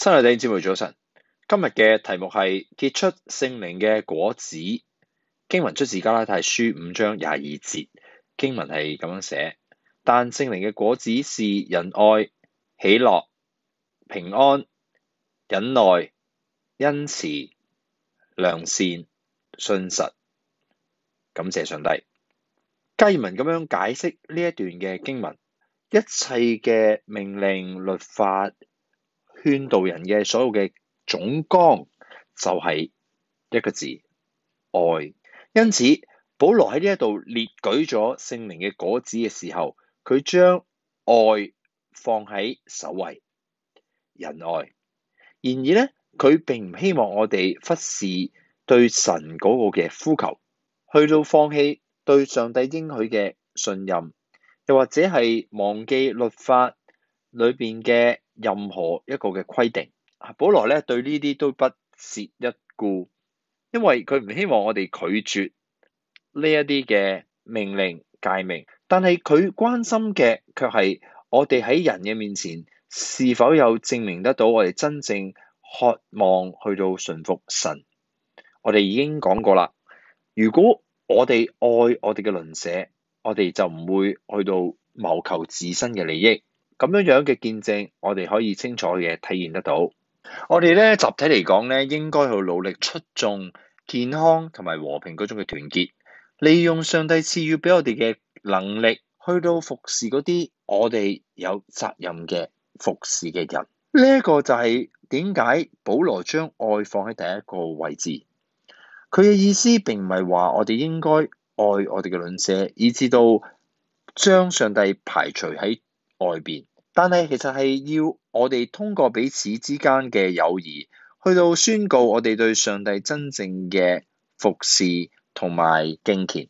親愛的姊妹早晨，今日嘅題目係結出聖靈嘅果子。經文出自加拉太書五章廿二節，經文係咁樣寫：但聖靈嘅果子是仁愛、喜樂、平安、忍耐、恩慈、良善、信實。感謝上帝。加爾文咁樣解釋呢一段嘅經文，一切嘅命令、律法。勸導人嘅所有嘅總綱就係一個字愛。因此保羅喺呢一度列舉咗聖靈嘅果子嘅時候，佢將愛放喺首位，仁愛。然而呢，佢並唔希望我哋忽視對神嗰個嘅呼求，去到放棄對上帝應許嘅信任，又或者係忘記律法裏邊嘅。任何一個嘅規定，啊，保羅咧對呢啲都不屑一顧，因為佢唔希望我哋拒絕呢一啲嘅命令誡命。但係佢關心嘅卻係我哋喺人嘅面前是否有證明得到我哋真正渴望去到順服神。我哋已經講過啦，如果我哋愛我哋嘅鄰舍，我哋就唔會去到謀求自身嘅利益。咁樣樣嘅見證，我哋可以清楚嘅體驗得到。我哋咧集體嚟講咧，應該去努力出眾健康同埋和平嗰種嘅團結，利用上帝賜予俾我哋嘅能力，去到服侍嗰啲我哋有責任嘅服侍嘅人。呢、這、一個就係點解保羅將愛放喺第一個位置。佢嘅意思並唔係話我哋應該愛我哋嘅鄰舍，以至到將上帝排除喺外邊。但係其實係要我哋通過彼此之間嘅友誼，去到宣告我哋對上帝真正嘅服侍同埋敬虔。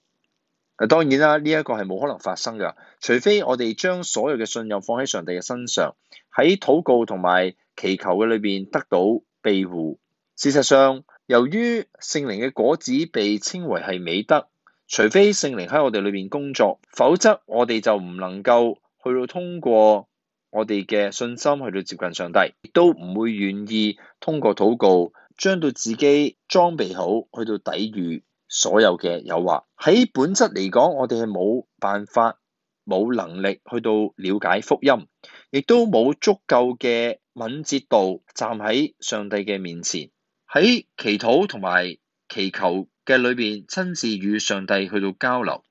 啊，當然啦，呢一個係冇可能發生㗎，除非我哋將所有嘅信任放喺上帝嘅身上，喺禱告同埋祈求嘅裏邊得到庇護。事實上，由於聖靈嘅果子被稱為係美德，除非聖靈喺我哋裏邊工作，否則我哋就唔能夠去到通過我哋嘅信心去到接近上帝，亦都唔會願意通過禱告將到自己裝備好，去到抵禦所有嘅誘惑。喺本質嚟講，我哋係冇辦法、冇能力去到了解福音，亦都冇足夠嘅敏捷度站喺上帝嘅面前。喺祈禱同埋祈求嘅裏邊，親自與上帝去到交流。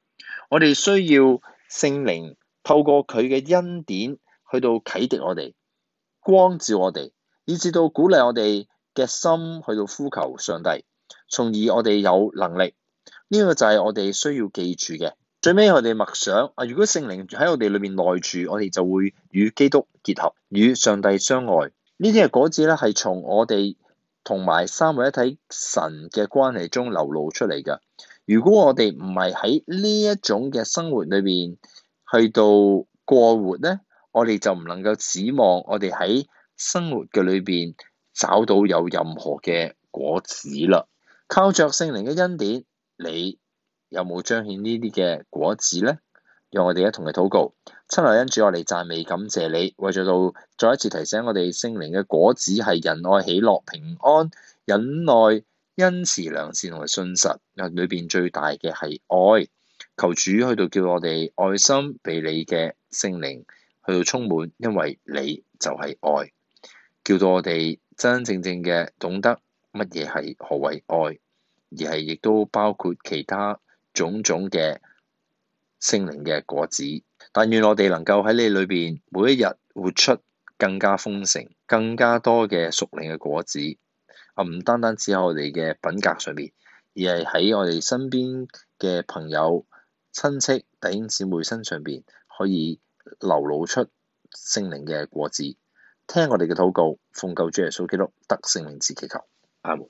我哋需要聖靈透過佢嘅恩典，去到啟迪我哋，光照我哋，以至到鼓勵我哋嘅心去到呼求上帝，從而我哋有能力。呢、呢個就係我哋需要記住嘅。最尾我哋默想啊，如果聖靈喺我哋裏邊內住，我哋就會與基督結合，與上帝相愛。呢啲嘅果子咧係從我哋同埋三位一體神嘅關係中流露出嚟嘅，如果我哋唔係喺呢一種嘅生活裏邊去到過活咧，我哋就唔能夠指望我哋喺生活嘅裏邊找到有任何嘅果子啦。靠着聖靈嘅恩典，你有冇彰顯呢啲嘅果子呢？讓我哋一同嚟禱告，親愛嘅恩主，我哋讚美感謝你，為咗到再一次提醒我哋，聖靈嘅果子係仁愛、喜樂、平安、忍耐、恩慈、良善同埋信實。啊，裏邊最大嘅係愛。求主去到叫我哋愛心被你嘅聖靈。去到充滿，因為你就係愛，叫到我哋真真正正嘅懂得乜嘢係何為愛，而係亦都包括其他種種嘅聖靈嘅果子。但願我哋能夠喺你裏邊每一日活出更加豐盛、更加多嘅聖靈嘅果子。啊，唔單單只係我哋嘅品格上面，而係喺我哋身邊嘅朋友、親戚、弟兄姊妹身上邊可以。流露出聖靈嘅果子，聽我哋嘅禱告，奉救主耶穌基督得聖靈之祈求，阿門。